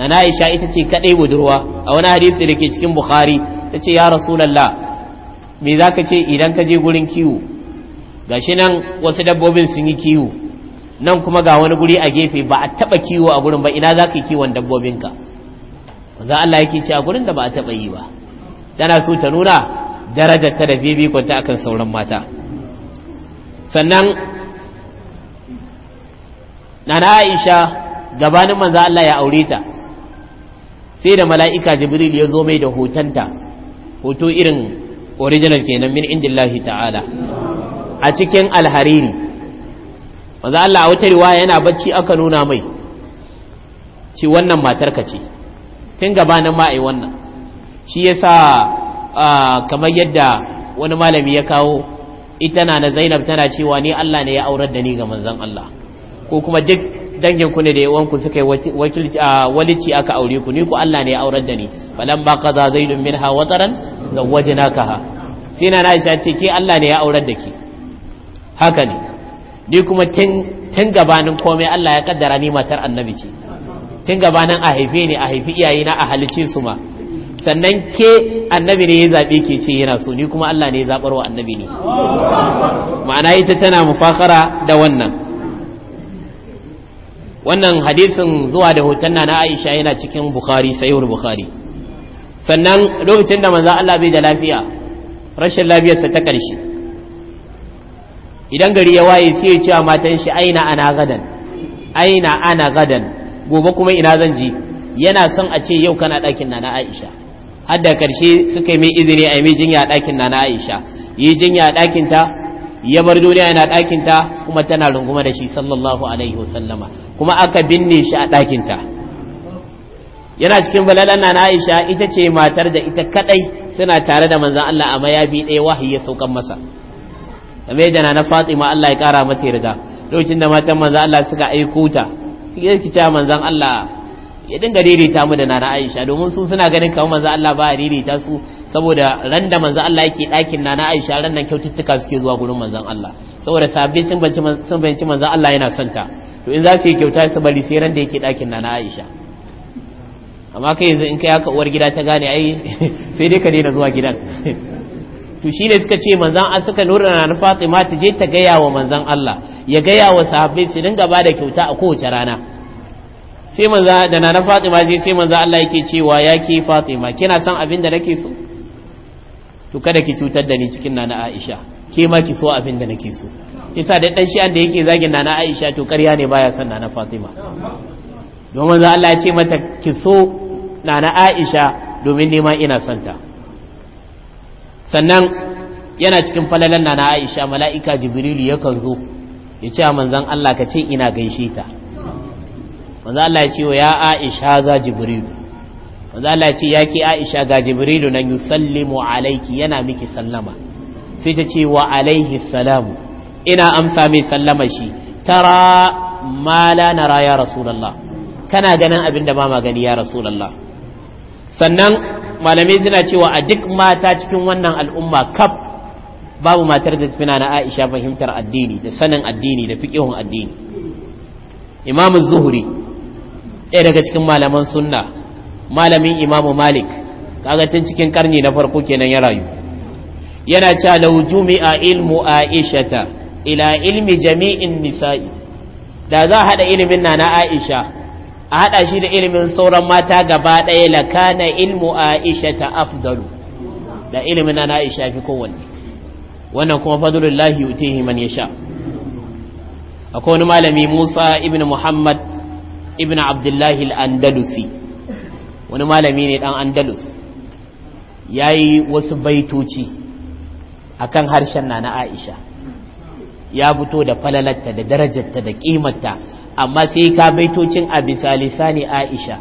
na Aisha ita ce kadai budurwa a wani hadisi da ke cikin Bukhari ta ce ya rasulallah me ka ce idan ka je gurin kiwo gashi nan wasu dabbobin sun yi kiwo nan kuma ga wani guri a gefe ba a taba kiwo a gurin ba ina za ka yi kiwon dabbobinka Za Allah yake ce a gurin da ba a taba yi ba tana so ta nuna darajar ta da ta akan sauran mata sannan nana aisha gabanin manzo Allah ya aure ta sai da mala'ika jibril ya zo mai da hotonta hoto irin original kenan min indillahi ta'ala a cikin alhariri Wanzu Allah a wata riwaya yana bacci aka nuna mai ci wannan matar ka ce tun gaba na ai wannan shi sa kamar yadda wani malami ya kawo ita na na Zainab tana cewa ni Allah ne ya aurar da ni ga manzan Allah ko kuma duk dangin ku ne da yawanku ku suka yi walici aka aure ku ni ku Allah ne ya aurar da ni falan ba qaza zaidun minha wataran zawajnakaha sai na Aisha ce ke Allah ne ya aurar da ki haka ne ni kuma tun gabanin komai Allah ya kaddara ni matar annabi ce tun gabanin a haife ni a haifi na a halicin su ma sannan ke annabi ne ya zaɓe ke ce yana so ni kuma Allah ne ya zaɓar wa annabi ne ma'ana ita tana mufakara da wannan wannan hadisin zuwa da hoton na Aisha yana cikin Bukhari sayyid Bukhari sannan lokacin da manzo Allah bai da lafiya rashin lafiyarsa ta ƙarshe idan gari ya waye sai ya ce wa matan shi aina ana gadan aina ana gadan gobe kuma ina zan je yana son a ce yau kana ɗakin na na aisha har da karshe suka yi mai izini a mai jinya ɗakin na na aisha yi jinya ɗakin ta ya bar duniya yana ɗakin ta kuma tana runguma da shi sallallahu alaihi wasallama kuma aka binne shi a ɗakin ta yana cikin balalan na aisha ita ce matar da ita kadai suna tare da manzan Allah a mayabi ɗaya wahayi ya saukan masa kamar yadda na ma Allah ya kara mata riga. lokacin da matan manzan Allah suka aiko ta sai ki ta manzan Allah ya dinga daidaita mu da nana Aisha domin sun suna ganin kamar manzan Allah ba daidaita su saboda ran da manzan Allah yake ɗakin nana Aisha ran nan kyaututtuka suke zuwa gurin manzan Allah saboda sabbin sun banci sun banci manzan Allah yana son ta to in za su yi kyauta su bari sai ran da yake ɗakin nana Aisha amma kai yanzu in kai haka uwar gida ta gane ai sai dai ka daina zuwa gidan to shine suka ce manzan an suka nuna na Fatima ta je ta gaya wa manzan Allah ya gaya wa sahabbai su dinga ba da kyauta a kowace rana sai manza da na na Fatima je sai manzan Allah yake cewa ya ke Fatima kina son abin da nake so to kada ki cutar da ni cikin nana Aisha ke ma ki so abin da nake so yasa da dan an da yake zagin nana Aisha to ƙarya ne baya son nana Fatima domin za Allah ya ce mata ki so nana Aisha domin nema ina santa sannan yana cikin falalan na Aisha mala'ika Jibrilu yakan zo ya ce manzon Allah ka ce ina gaishe ta manzon Allah ya ce ya Aisha ga Jibrilu manzon Allah ya ce ya ki Aisha ga Jibrilu nan yusallimu alayki yana miki sallama sai ta ce wa alaihi salamu ina amsa mai sallama shi tara ma na nara ya rasulullah kana ganin abin da ba magani gani ya rasulullah sannan malamai suna cewa a duk mata cikin wannan al'umma kaf babu matar da tafina na aisha fahimtar addini da sanin addini da fiƙihun addini imamun zuhuri ɗaya daga cikin malaman sunna malamin imamu malik kaga tun cikin karni na farko kenan ya rayu yana cewa lau a ilmu aishata ila ilmi jami'in nisa'i da za a haɗa ilimin na na aisha a haɗa shi da ilimin sauran mata gaba ɗaya la kana ilmu aisha ta afdalu da ilimin na aisha fi kowanne wannan kuma fadlul lahi yutihi man yasha akwai wani malami Musa ibn Muhammad ibn Abdullahi al-Andalusi wani malami ne dan Andalus yayi wasu baitoci akan harshen na Aisha ya fito da falalarta da darajarta da kimarta amma sai ka baitocin a bisa lisani aisha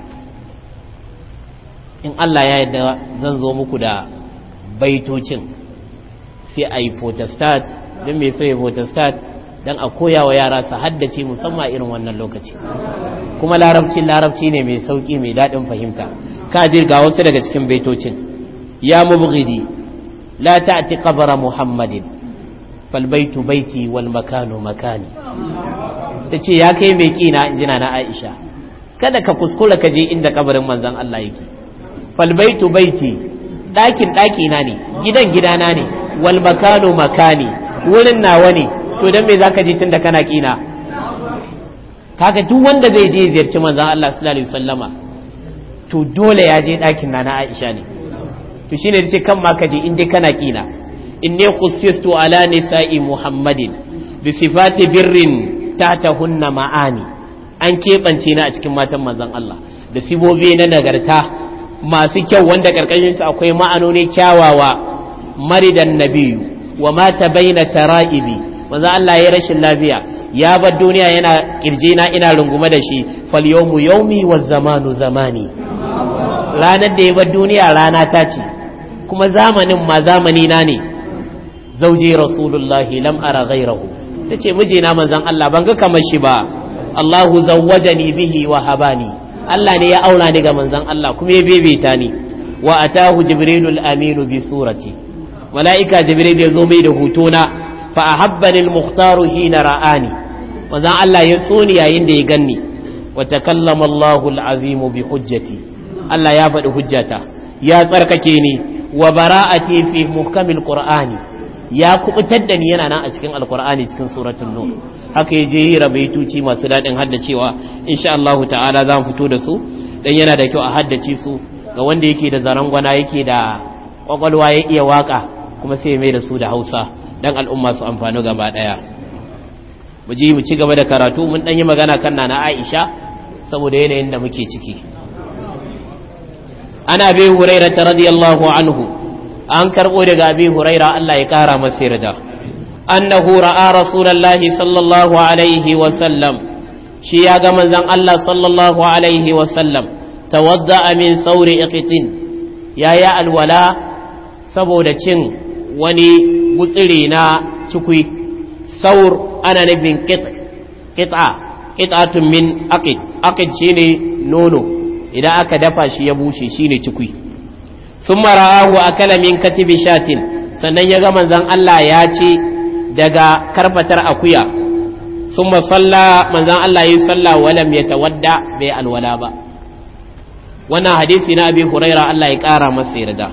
in allah ya yadda zan zo muku da baitocin sai a yi protestant don mai sai protestant don a koya wa yara su haddace musamman irin wannan lokaci kuma larabci larabci ne mai sauki mai daɗin fahimta ka jirga wasu daga cikin baitocin ya mubghidi la ati kabara muhammadin falbaitu baiti wal makano makani ta ce ya kai mai kina in jina na aisha kada ka kuskura ka je inda kabarin manzan Allah yake falbaitu baiti ɗakin ɗakina ne gidan gidana ne wal makano makani wurin nawa ne to dan me za je tun kana kina kaga duk wanda zai je ziyarci manzan Allah sallallahu alaihi wasallama to dole ya je ɗakin na na aisha ne to shine ce kan ma ka je in kana kina inni khusistu ala nisa'i muhammadin bi sifati birrin ta hunna ma'ani an keɓance na a cikin matan manzon Allah da sibobi na nagarta masu kyau wanda karkashin su akwai ma'anoni kyawawa maridan nabiyu wa mata baina tara'ibi manzon Allah ya rashin lafiya ya bar duniya yana kirje na ina rungume da shi fal yawmu yawmi waz zamanu zamani ranar da ya bar duniya rana ta ce kuma zamanin ma zamani na ne zauje rasulullahi lam ara ghairahu ta ce mijina manzan Allah ban ga kamar shi ba Allahu zawwajani bihi wa habani Allah ne ya aura ni ga manzan Allah kuma ya bebeta ni wa atahu jibrilul aminu bi surati malaika jibril ya zo mai da hutuna fa ahabbani al hina ra'ani manzan Allah ya tsoni yayin da ya ganni wa takallama Allahu bi hujjati Allah ya faɗi hujjata ya tsarkake ni wa bara'ati fi muhkamil qur'ani ya kubutar da ni yana nan a cikin alkur'ani cikin suratul nur haka ya je hira tuci masu daɗin haddacewa insha Allah ta'ala za mu fito da su dan yana da kyau a haddace su ga wanda yake da zarangwana yake da kwakwalwa ya iya waka kuma sai mai da su da Hausa dan al'umma su amfani gaba daya mu je mu ci gaba da karatu mun dan yi magana kan nana Aisha saboda yanayin da muke ciki ana bi hurairah radiyallahu anhu an karbo daga abi huraira Allah ya kara masa yarda annahu ra'a rasulullahi sallallahu alaihi wa sallam shi ya ga manzon Allah sallallahu alaihi wa sallam tawadda'a min sauri iqtin yaya alwala saboda cin wani gutsire na cikui saur ana nabin qit'a qit'a qit'atun min aqid aqid shine nono idan aka dafa shi ya bushe shine cikui sun mara'ahu a kalamin katibi shatin sannan ya ga manzan Allah ya ce daga karfatar akuya sun masalla manzan Allah yi salla walam ya tawadda bai alwala ba wannan hadisi na abin huraira Allah ya ƙara masa yarda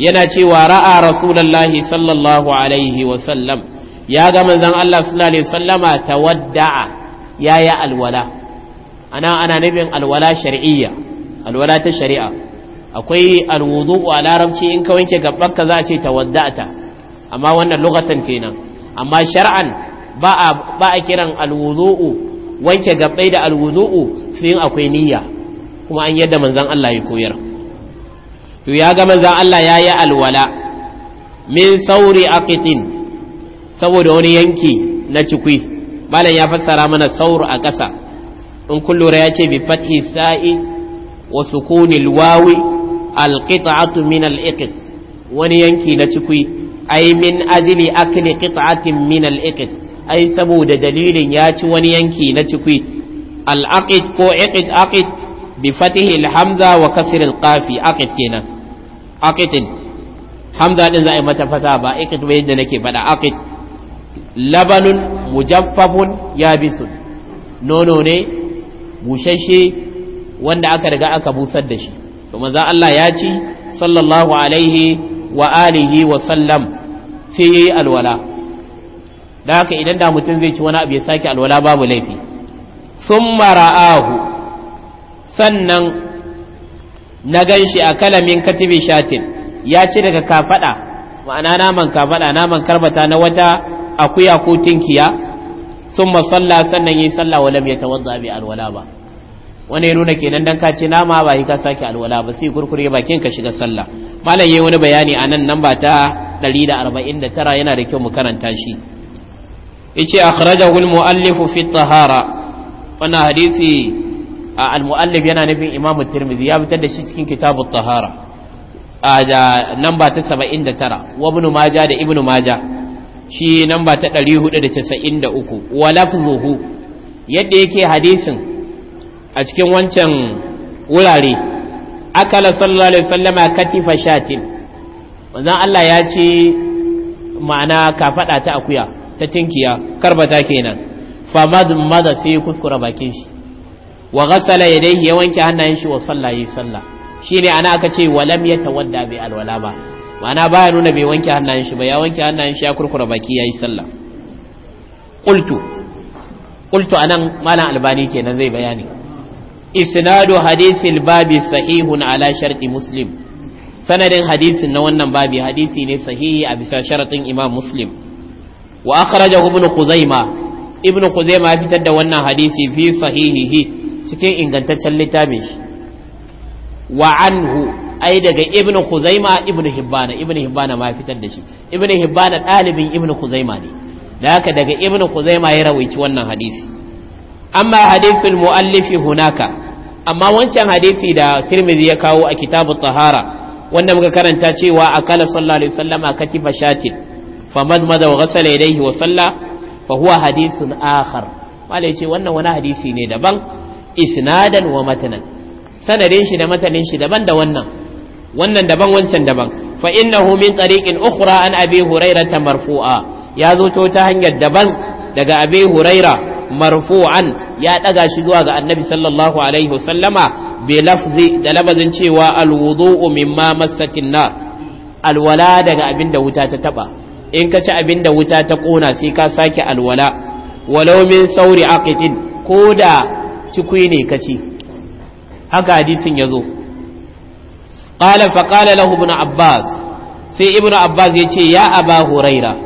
yana cewa ra'a rasulallahi sallallahu alaihi wa sallam ya ga manzan Allah sallallahu alaihi wasallama tawadda'a ya yi alwala ana ana nufin alwala shari'iyya alwala ta shari'a akwai alwudu a larabci in ka wanke gabbanka za a ce tawadda'ata amma wannan lugatan kenan amma shar'an ba a ba a kiran alwudu wanke gabbai da alwudu sai akwai niyya kuma an yadda manzon Allah ya koyar to ya ga manzon Allah ya yi alwala min sauri aqitin saboda wani yanki na cikwi malam ya fassara mana sauru a ƙasa in kullura ya ce bi fathi sa'i wa sukunil wawi alqita'atu minal ikit wani yanki na cikui ai min ajli akli qita'atin minal ikit ai saboda dalilin ya ci wani yanki na cikui aqid ko iqid aqid bi fatihi Hamza wa kasri alqafi aqid kenan aqidin hamza din za a yi mata fata ba iqid ba yadda nake faɗa aqid labanun mujaffafun yabisun nono ne bushashe wanda aka riga aka busar da shi to maza Allah ya ci sallallahu alaihi wa alihi wa sallam sai yayi alwala da haka idan da mutum zai ci wani abu ya sake alwala babu laifi sun mara'ahu sannan na gan shi a kalamin katibi shatin ya ci daga kafada ma'ana naman kafada naman karbata na wata akuya ko tinkiya sun masalla sannan yi salla walam ya tawadda bi alwala ba wani ya nuna kenan dan ka ce nama ba ka sake alwala ba sai kurkure bakin ka shiga sallah malam yayi wani bayani a nan namba ta 149 yana da kyau mu karanta shi yace akhrajahu al-muallif fi tahara wannan hadisi al yana nufin imam at-tirmidhi ya fitar da shi cikin kitabut tahara a da namba ta 79 wa ibn majah da ibn majah shi namba ta 493 wa lafzuhu yadda yake hadisin a cikin wancan wurare akala sallallahu alaihi wasallama katifa shatin wannan Allah ya ce ma'ana ka fada ta akuya ta tinkiya karbata kenan famad mada sai kuskura bakin shi wa ghassala yadayhi ya wanke hannayen shi wa sallaye sallah shine ana aka ce walam yatawadda bi alwala ba ma'ana baya nuna bai wanke hannayen shi ba ya wanke hannayen shi ya kurkura baki yayi sallah qultu qultu anan malam albani kenan zai bayani isnadu hadisil babi sahihu ala sharti muslim sanadin hadisin na wannan babi hadisi ne sahihi a bisa sharatin imam muslim wa akhrajahu ibn khuzaima ibn khuzaima ya fitar da wannan hadisi fi sahihihi cikin ingantaccen littafin shi wa anhu ai daga ibn khuzaima ibn hibbana ibn hibbana ma fitar da shi ibn hibbana dalibin ibn khuzaima ne da daga ibn ya rawaici wannan hadisi amma hadisin muallifi hunaka amma wancan hadisi da tirmidhi ya kawo a kitabu tahara wanda muka karanta cewa a kala sallallahu alaihi wasallama katifa shatin fa famadmada wa ghasala yadayhi wa salla fa huwa hadithun akhar malai ce wannan wani hadisi ne daban isnadan wa matanan sanadin shi da matanin shi daban da wannan wannan daban wancan daban fa innahu min tariqin ukhra an abi hurairah marfu'a ya zo ta hanyar daban daga abi hurairah marfu'an ya ɗaga shi zuwa ga annabi sallallahu alaihi wasallama bi lafzi da labazin cewa alwudu'u mimma masakin nar alwala daga da wuta ta taba in ka ci abinda wuta ta kona sai ka sake alwala walau min sauri aqitin ko da cikui ne ka ci haka hadisin yazo qala fa qala lahu ibn abbas sai ibn abbas yace ya aba huraira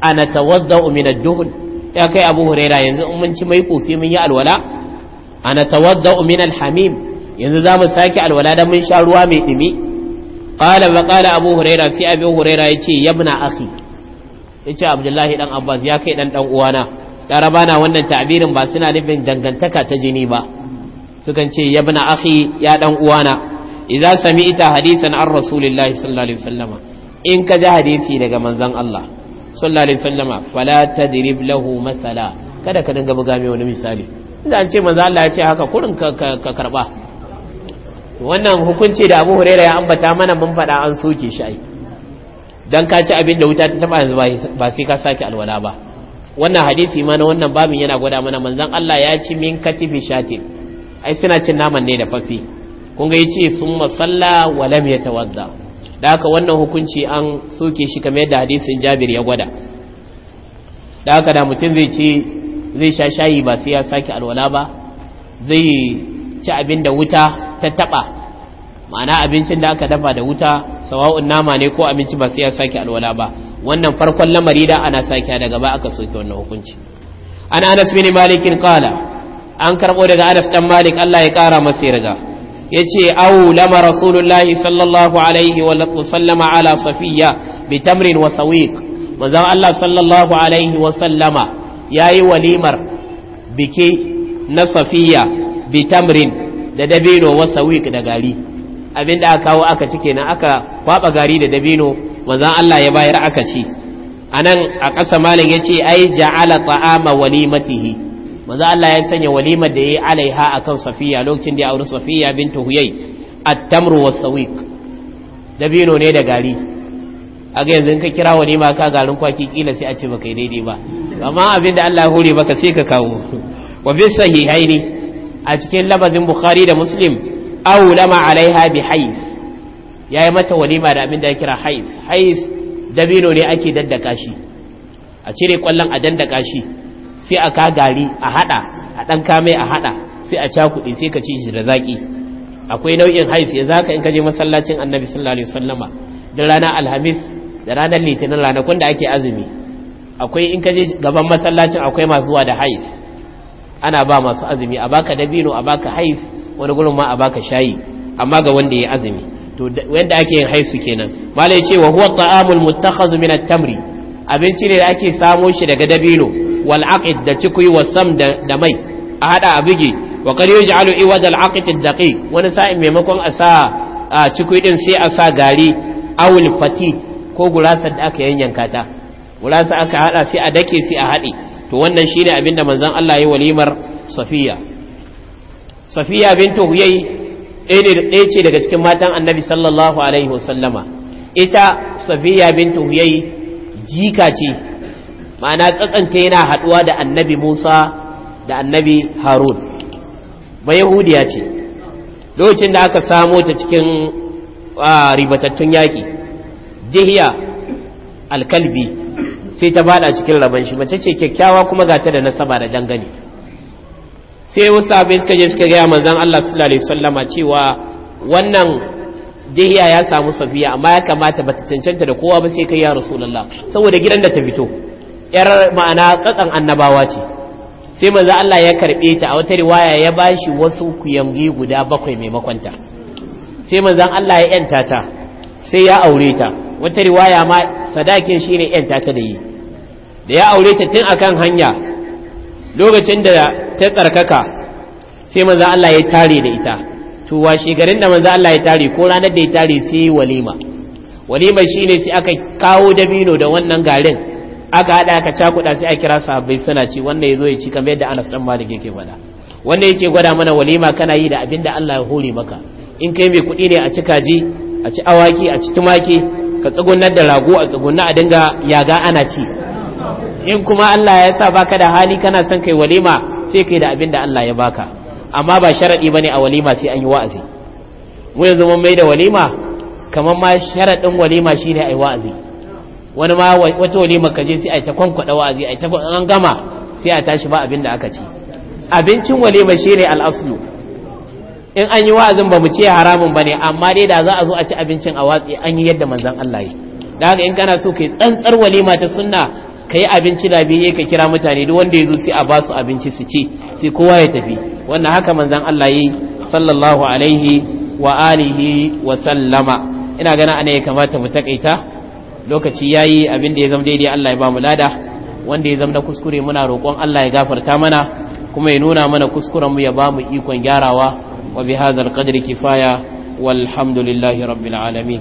ana tawadda'u min ad-duhn ya kai abu huraira yanzu in mun ci mai kofi mun yi alwala ana tawadda min alhamim yanzu za mu sake alwala da mun sha ruwa mai dumi qala wa qala abu huraira sai abu huraira yace yabna akhi yace abdullahi dan abbas ya kai dan dan uwana laraba na wannan ta'birin ba suna nufin dangantaka ta jini ba sukan ce yabna akhi ya dan uwana idza sami'ta hadisan an rasulillahi sallallahu alaihi wasallama in ka ji hadisi daga manzon Allah sallallahu alaihi wasallama fala tadrib lahu masala kada ka dinga buga mai wani misali inda an ce manzo Allah ya ce haka kurin ka ka karba wannan hukunci da Abu Hurairah ya ambata mana mun fada an soke shi ai dan ka ci abin da wuta ta taba yanzu ba sai ka sake alwala ba wannan hadisi ma na wannan babin yana gwada mana manzon Allah ya ci min katifi shati. ai suna cin naman ne da fafi kun ga yace summa salla wa lam yatawadda da haka wannan hukunci an soke shi kamar yadda hadisin jabir ya gwada da haka da mutum zai ce zai sha shayi ba sai ya sake alwala ba zai ci abin da wuta ta taba ma'ana abincin da aka dafa da wuta sawa'un nama ne ko abinci ba sai ya sake alwala ba wannan farkon lamari da ana sake daga ba aka soke wannan hukunci an anas bin malikin qala an karbo daga anas dan malik Allah ya kara masa riga. yace aw lama rasulullahi sallallahu alaihi wa sallama ala safiya bi tamrin wa sawiq manzon Allah sallallahu alaihi wa sallama yayi walimar biki na safiya bi tamrin da dabino wa sawiq da gari abinda aka kawo aka cike na aka kwaba gari da dabino manzon Allah ya bayar aka ci anan a ƙasa malam yace ai ja'ala ta'ama walimatihi manzo Allah ya sanya walima da yayi alaiha kan safiya lokacin da ya auri safiya bintu huyay at-tamru was-sawiq dabino ne da gari aga yanzu ka kira walima ka garin kwaki kila sai a ce baka daidai ba amma abinda Allah ya hore baka sai ka kawo wa bi sahihaini a cikin labazin bukhari da muslim aw lama alaiha bi hais yayi mata walima da abin da ya kira hais hais dabino ne ake daddaka shi a cire kwallon a daddaka shi sai a ka gari a hada a dan kame a hada sai a cakuɗe sai ka ci shi da zaki akwai nau'in haisi ya zaka in ka je masallacin annabi sallallahu alaihi wasallama da ranar alhamis da ranar litinin ranakun da ake azumi akwai in ka je gaban masallacin akwai masu zuwa da hais ana ba masu azumi a baka dabino a baka hais wani gurin ma a baka shayi amma ga wanda ya azumi to wanda ake yin haisu kenan malai ce wa huwa ta'amul muttakhadh min at-tamri abinci ne da ake samo shi daga dabino wal da cikui wasam da mai a haɗa a bigi wa qad yaj'alu iwad da aqid wani sa'in maimakon a sa cikui din sai a sa gari awul al ko gurasar da aka yanyanka ta gurasa aka haɗa sai a dake sai a haɗe to wannan shine abinda manzon Allah ya walimar safiya safiya bintu huyai ɗaya ce daga cikin matan annabi sallallahu alaihi wasallama ita safiya bintu huyai jika ce ma'ana tsatsanta yana haduwa da annabi musa da annabi harun ba yahudiya ce lokacin da aka samo ta cikin ribatattun yaki dihiya alkalbi sai ta bada cikin rabon shi mace ce kyakkyawa kuma ga ta da nasaba da dangane sai wasu abin suka je suka gaya manzan allah sallallahu alaihi sallama cewa wannan dihiya ya samu safiya amma ya kamata ba ta cancanta da kowa ba sai kai ya rasulullah saboda gidan da ta fito yar ma'ana katsan annabawa ce sai manzo Allah ya karbe ta a wata riwaya ya bashi wasu kuyamgi guda bakwai maimakon ta sai manzo Allah ya yanta ta sai ya aure ta wata riwaya ma sadakin shine yanta ta da yi da ya aure ta tun akan hanya lokacin da ta tsarkaka sai manzo Allah ya tare da ita to washe garin da manzo Allah ya tare ko ranar da ya tare sai walima walima shine sai aka kawo dabino da wannan garin aka haɗa aka cakuda sai a kira sahabbai suna ci ya zo ya ci kamar yadda Anas dan Malik yake gwada wanda yake gwada mana walima kana yi da abinda Allah ya hore maka in kai mai kuɗi ne a ci kaji a ci awaki a ci tumaki ka tsugunar da rago a tsugunna a dinga yaga ana ci in kuma Allah ya sa baka da hali kana son kai walima sai kai da abinda Allah ya baka amma ba sharadi bane a walima sai an yi wa'azi mu yanzu mun mai da walima kamar ma sharadin walima shine yi wa'azi wani ma wata walima ka je sai a yi ta kwankwada wa'azi a yi ta an gama sai a tashi ba abin da aka ci abincin walima ne al'aslu in an yi wa'azin ba mu ce haramun ba ne. amma dai da za a zo a ci abincin a watsi an yi yadda manzan Allah yi da haka in kana so yi tsantsar walima ta sunna yi abinci da biye ka kira mutane duk wanda ya zo sai a ba su abinci su ce, sai kowa ya tafi wannan haka manzan Allah yi sallallahu alaihi wa alihi wa sallama ina gana ana ya kamata mu takaita lokaci yayi abin da ya zama daidai Allah ya ba mu lada wanda ya zama na kuskure muna roƙon Allah ya gafarta mana kuma ya nuna mana kuskuren mu ya ba mu ikon gyarawa wa bi hadzal qadri kifaya walhamdulillahi rabbil alamin